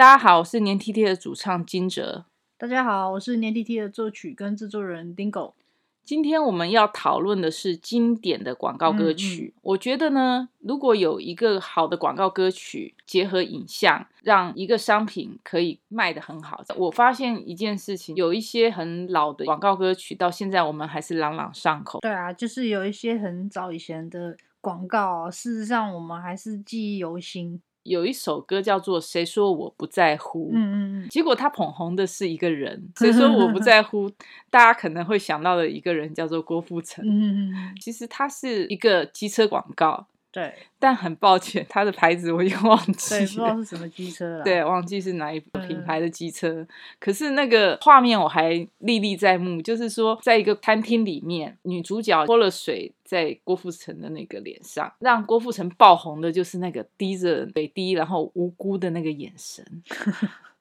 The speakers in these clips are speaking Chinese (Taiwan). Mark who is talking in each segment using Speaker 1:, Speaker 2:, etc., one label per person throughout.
Speaker 1: 大家好，我是黏 tt 的主唱驚蟄。
Speaker 2: 大家好，我是黏 tt 的作曲跟製作人 Dingo。今天我們要討
Speaker 1: 論的是經典的廣告歌曲。嗯嗯、我覺得呢，如果有一個好的廣告歌曲結合影像，讓一個商品可以賣得很好。我發現一件事情，有一些很老的廣告歌曲，到現在我們還是朗朗上口。
Speaker 2: 對啊，就是有一些很早以前的廣告，事實上我們還是記憶猶新。
Speaker 1: 有一首歌叫做《誰說我不在乎》，嗯嗯，結果他捧紅的是一個人。誰說我不在乎？ 大家可能會想到的一個人叫做郭富城。嗯嗯，其實他是一個機車廣告。對，但很抱歉，他的牌子我已經忘記了。對，不知道是什
Speaker 2: 麼機車了。 對，
Speaker 1: 忘記是哪一個品牌的機車，嗯。可是那個畫面我還歷歷在目，就是說，在一個餐廳裡面，女主角潑了水在郭富城的那個臉上，讓郭富城爆紅的就是那個滴着水滴，然後無辜的那個眼神，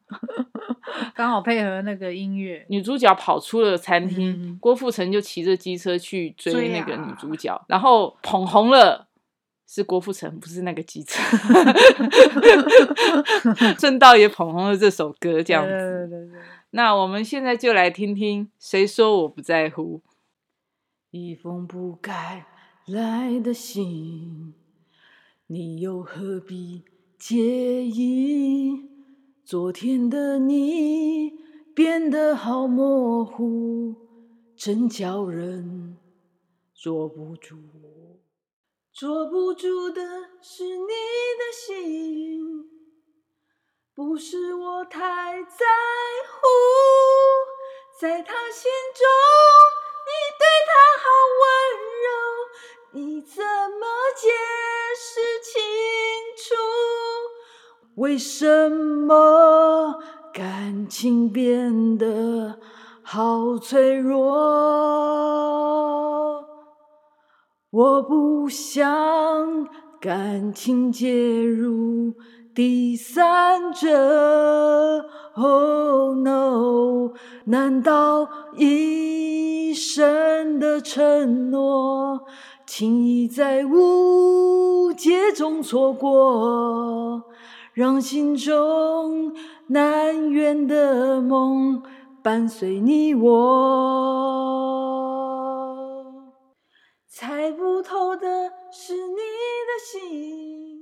Speaker 2: 剛好配合那個音樂。
Speaker 1: 女主角跑出了餐廳，嗯嗯嗯，郭富城就騎着機車去追那個女主角，啊、然後捧紅了。是郭富城，不是那個機車，順 道也捧紅了這首歌，這樣子，對對對對。那我們現在就來聽聽，誰說我不在乎？一封
Speaker 3: 不該來的信，你又何必介意？昨天的你變得好模糊，真叫人捉不住。捉不住的是你的心，不是我太在乎。在他心中，你對他好溫柔，你怎麼解釋清楚？為什麼感情變得好脆弱？我不想感情介入第三者，oh no！難道一生的承諾，輕易在誤解中錯過？讓心中難圓的夢，伴隨你我。猜不透的是你的心。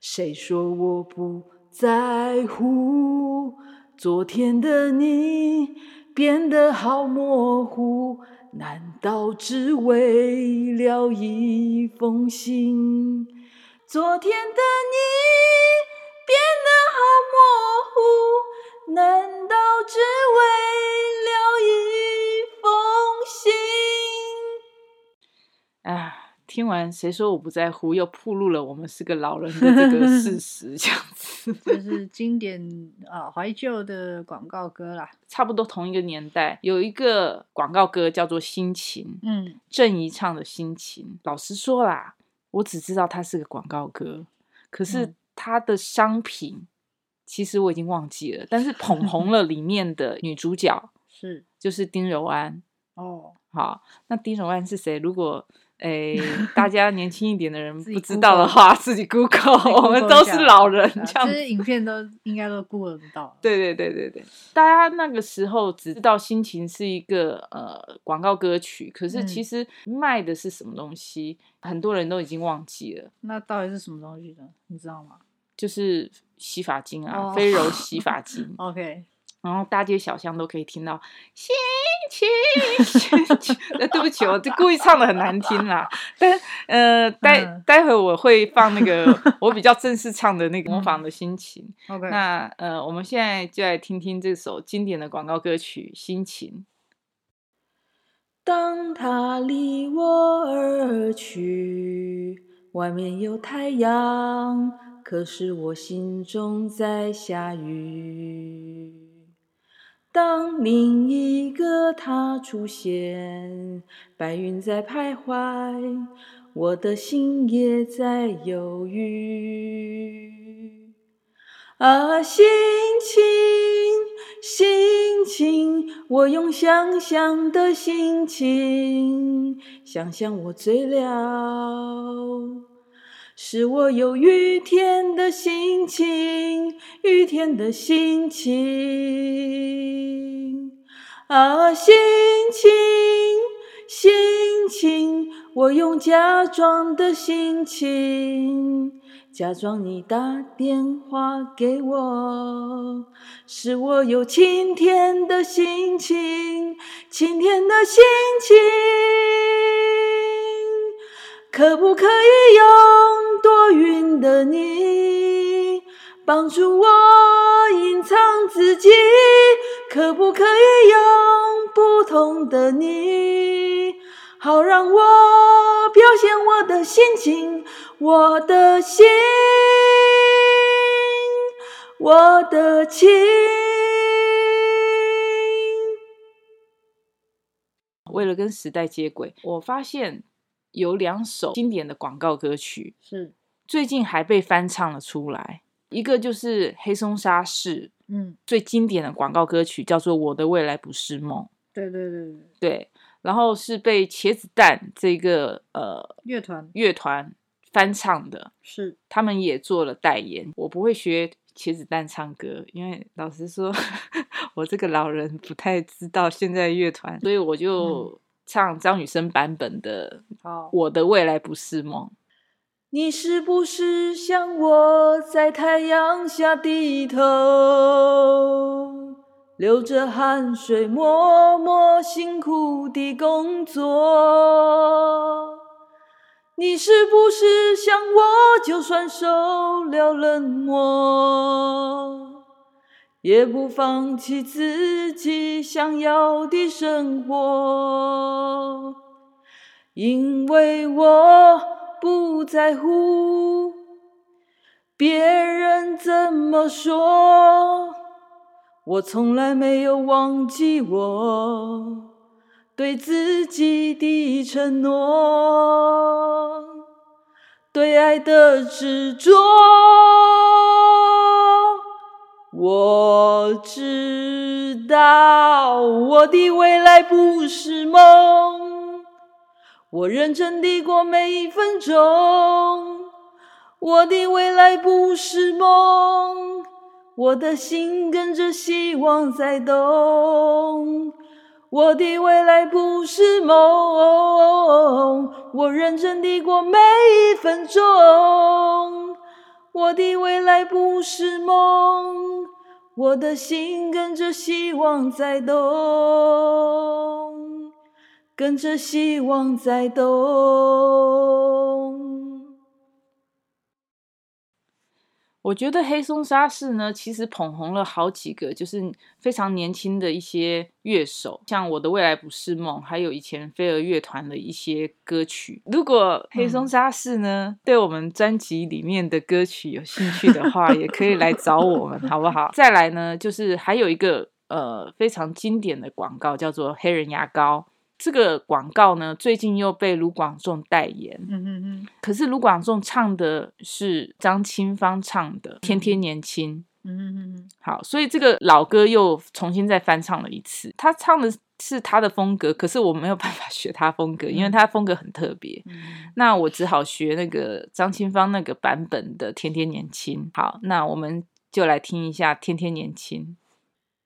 Speaker 3: 誰說我不在乎？昨天的你變得好模糊，難道只為了一封信？昨天的你變得好模糊，難道只為了一封信？
Speaker 1: 哎，聽完誰說我不在乎，又暴露了我們是個老人的這個事實，這樣
Speaker 2: 子就 是經典啊懷舊的廣告歌啦。
Speaker 1: 差不多同一個年代有一個廣告歌叫做《心情》，嗯，鄭怡唱的《心情》。老實說啦，我只知道他是個廣告歌，可是他的商品、嗯、其實我已經忘記了。但是捧紅了裡面的女主角 是，就是丁柔安。哦，好，那丁柔安是誰？如果哎、欸， 大家年輕一點的人不知道的話，自己 Google。 我們都是老人，這樣子、啊。其實
Speaker 2: 影片都應該都 Google 得到。
Speaker 1: 對對對對，大家那個時候只知道《心情》是一個呃廣告歌曲，可是其實賣的是什麼東西、嗯，很多人都已經忘記了。
Speaker 2: 那到底是什麼東西呢？你知道嗎？
Speaker 1: 就是洗髮精啊，oh. 飛柔洗髮精。
Speaker 2: OK。然後大街
Speaker 1: 小巷都可以聽到
Speaker 2: 《心情》
Speaker 1: 對不起，我這故意唱的很難聽啊。但呃，待待會我會放那個我比較正式唱的那個模仿的《心情》
Speaker 3: 那。那
Speaker 1: 呃，我們現在就來聽聽這首經典的廣告歌曲《心情》。
Speaker 3: 當他離我而去，外面有太陽，可是我心中在下雨。當另一個他出現，白雲在徘徊，我的心也在猶豫。啊，心情，心情，我用想象的心情，想象我醉了。是我有雨天的心情，雨天的心情。啊，心情，心情，我用假裝的心情，假裝你打電話給我。是我有晴天的心情，晴天的心情。可不可以用多雲的你幫助我隱藏自己？可不可以用不同的你好讓我表現我的心情，我的心、我的情。
Speaker 1: 為了跟時代接軌，我發現，有兩首經典的廣告歌曲是最近還被翻唱了出來，一個就是黑松沙士嗯，最經典的廣告歌曲叫做《我的未來不是夢》，
Speaker 2: 對對對對
Speaker 1: 對，然後是被茄子蛋這個呃樂團樂團翻唱的，是他們也做了代言。我不會學茄子蛋唱歌，因為老實說， 我這個老人不太知道現在樂團，嗯，所以我就。嗯唱張雨生版本的《我的未來不是夢》。Oh.
Speaker 3: 你是不是像我，在太陽下低頭，流着汗水，默默辛苦的工作？你是不是像我，就算受了冷漠？也不放棄自己想要的生活，因為我不在乎別人怎麼說。我從來沒有忘記我對自己的承諾，對愛的執着。我知道我的未來不是夢，我認真的過每一分鐘。我的未來不是夢，我的心跟着希望在動。我的未來不是夢、哦，哦哦哦哦、我認真的過每一分鐘。我的未來不是夢，我的心跟着希望在動，跟着希望在動。
Speaker 1: 我覺得黑松沙士呢，其實捧紅了好幾個，就是非常年輕的一些樂手，像《我的未來不是夢》，還有以前飛兒樂團的一些歌曲。如果黑松沙士呢、嗯，對我們專輯裡面的歌曲有興趣的話，也可以來找我們， 好不好？再來呢，就是還有一個呃非常經典的廣告，叫做《黑人牙膏》。這個廣告呢，最近又被盧廣仲代言。嗯嗯嗯。可是盧廣仲唱的是張清芳唱的《天天年輕》。嗯，嗯嗯嗯。好，所以這個老歌又重新再翻唱了一次。他唱的是他的風格，可是我沒有辦法學他風格，嗯。因為他風格很特別。嗯。那我只好學那個張清芳那個版本的《天天年輕》。好，那我們就來聽一下《天天年輕》。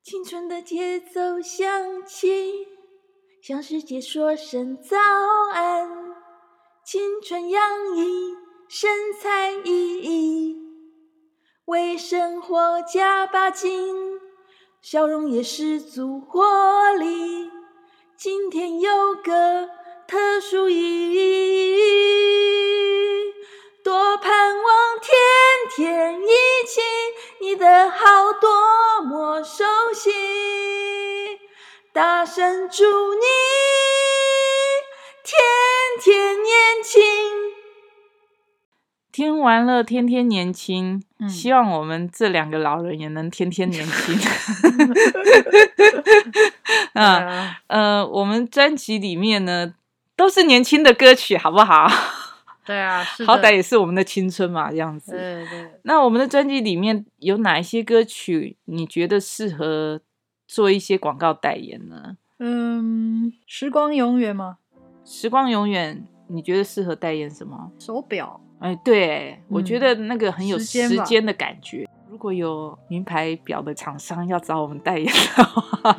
Speaker 3: 青春的節奏響起。向世界說聲早安，青春洋溢，神采奕奕，為生活加把勁，笑容也十足活力。今天有個特殊意義，多盼望天天一起，你的好多麼熟悉。大聲祝你天天年輕。
Speaker 1: 聽完了《天天年輕》，嗯，希望我們這兩個老人也能天天年輕。 嗯、啊，呃，我們專輯裡面呢，都是年輕的歌曲，好不好？對啊，是，
Speaker 3: 好歹也
Speaker 1: 是我們的青春嘛，這樣子。
Speaker 3: 對對對，
Speaker 1: 那我們的專輯裡面有哪一些歌曲，你覺得適合？做一些廣告代言呢？嗯，
Speaker 2: 時光永遠嗎？時光永遠，
Speaker 1: 你覺得適合代言什麼？手錶？哎，對，嗯，我覺得那個很有時間的感覺。如果有名牌錶的廠商要找我們代言的話，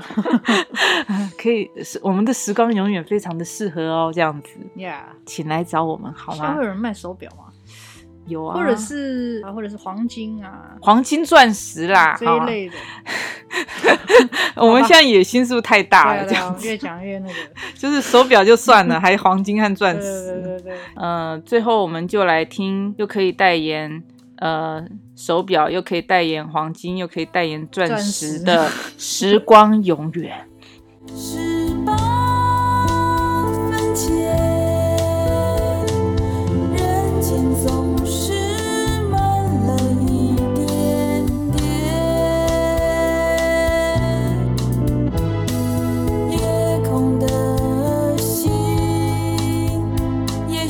Speaker 1: 可以，我們的時光永遠非常的適合哦，這樣子。Yeah，請來找我們好嗎？還會
Speaker 2: 有人賣手錶嗎？
Speaker 1: 有啊，或者是
Speaker 2: 啊，或者
Speaker 1: 是黃金啊，黃金、鑽石啦這一類的。
Speaker 2: 哦、 我們現在
Speaker 1: 野心是不是太大了？這樣、對啊、對啊、越
Speaker 2: 講
Speaker 1: 越那個，就是手錶就算了， 還黃金和鑽石。嗯、呃，最後我們就來聽，又可以代言呃手錶，又可以代言黃金，又可以代言鑽石的時光
Speaker 3: 永遠。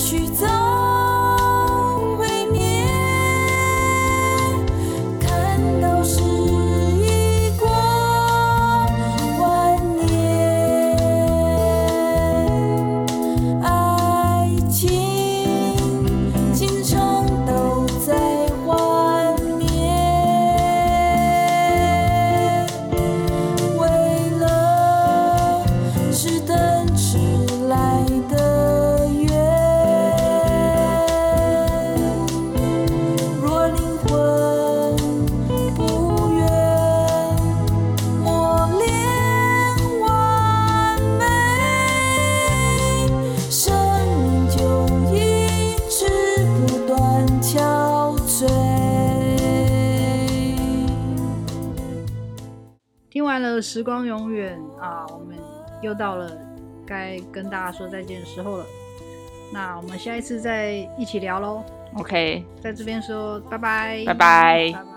Speaker 3: 去走。時光永
Speaker 2: 遠啊，我們又到了該跟大家說再見的時候了。那我們下一次再一起聊嘍，OK，在這邊說拜拜，拜
Speaker 3: 拜。